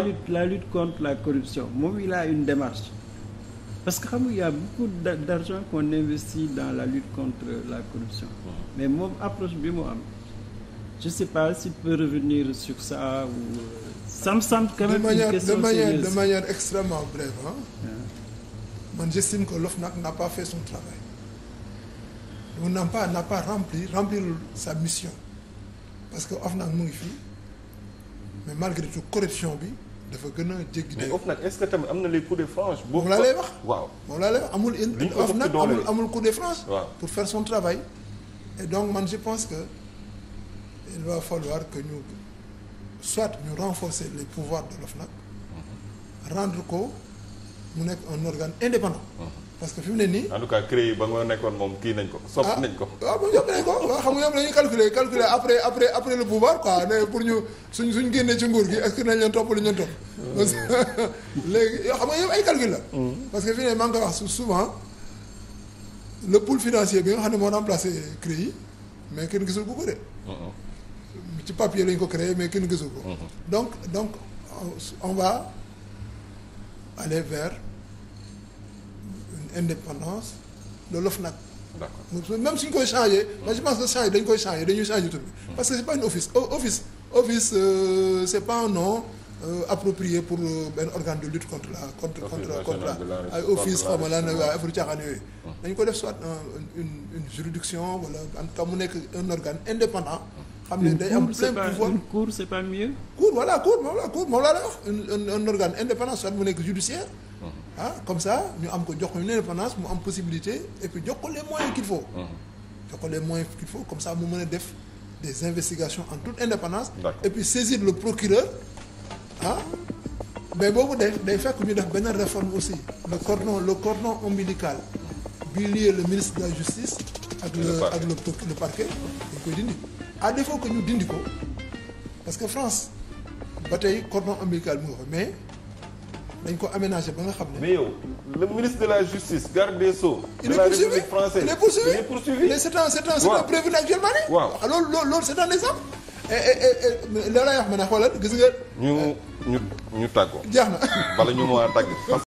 La lutte, la lutte contre la corruption moom il a une démarche parce que xam nga y beaucoup d'argent qu'on investit dans la lutte contre la corruption mais moom approche bi mu am je sais pas s'il peut revenir sur ça ou euh, ça me semble quand de manière, une question de manière, sérieuse. de extrêmement brève hein man ah. j'estime que l'OFNAC n'a pas fait son travail on n'a pas n'a pas rempli rempli sa mission parce que OFNAC mu ngi fii mais malgré tout corruption bi dafa gën a jéggi. mais OFNAC est-ce que tamit am na les coups de franche. boobu laa lay wax waaw moom laa lay wax amul. li ñu OFNAC amul amul coup de franche. waaw pour faire son travail. et donc man je pense que il va falloir que ñu soit ñu renforcer les pouvoirs de lof l'OFNAC. Mhm. rendre ko mu nekk un organe indépendant. Mhm. parce que fi mu ne nii. en tout cas créé ba nga nekkoon moom kii nañ ko. sopp ah, nañ ko waaw ah, waaw yóbbu nañ ko waaw xam nga yóbbu nañu calculer calculer après après après le pouvoir quoi ne pour ñu suñ suñ génnee ci nguur gi est-ce que nañ leen topp lu ñu leen topp. parce que léegi yoo xam nga yëpp ay calcul la. parce que fi mu ne maa ngi koy wax souvent le pool financier bi nga xam ne moo remplacé CREI yi mais kenn gisul ko ko de. Mm-hmm. ci papier lañ ko créé mais kenn gisul ko. Mm-hmm. donc donc on va aller vers. indépendance de l'OFNAC. d'accord même suñ koy changé. moi je pense que changé dañ koy changé dañuy changé tur bi. Hmm. parce que c'est pas une office office office euh, c'est pas un nom. Euh, pour euh, benn euh, organe de lutte contre la contre contre contre la ay office xaw ma lan waaye affaire caaxaan yooyu hmm. dañu ko def soit une une juridiction wala en mu nekk un organe indépendant xam ne day am plein pouvoir une cour c'est pas mieux cour voilà cour moom la cour moom la wax ah comme ça ñu am ko jox ko une indépendance mu am possibilité et puis jox ko les moyens qu'il faut. jox ko les moyens qu'il faut comme ça mu mën a def des investigations en tout indépendance. et puis saisir le procureur ah. mais boobu day day fekk ñu def benn réforme aussi le cordon le cordon ombilical bi lié le ministre de la justice. ak le ak le le parquet dañ koy dindi à défaut que ñu dindi ko parce que France ba tey cordon ombilical bi mais. dañ ko aménagé ba nga xam ne. mais yo le ministre de la justice garde des sceaux. de la république française il est poursuivi il est poursuivi c'est un c'est un c'est un prévenu actuellement nii. c'est un exemple. et et et la lay wax ma ne xoolal gis nga. ñu ñu ñu tàggoo. jeex na bala ñu mën a tàgg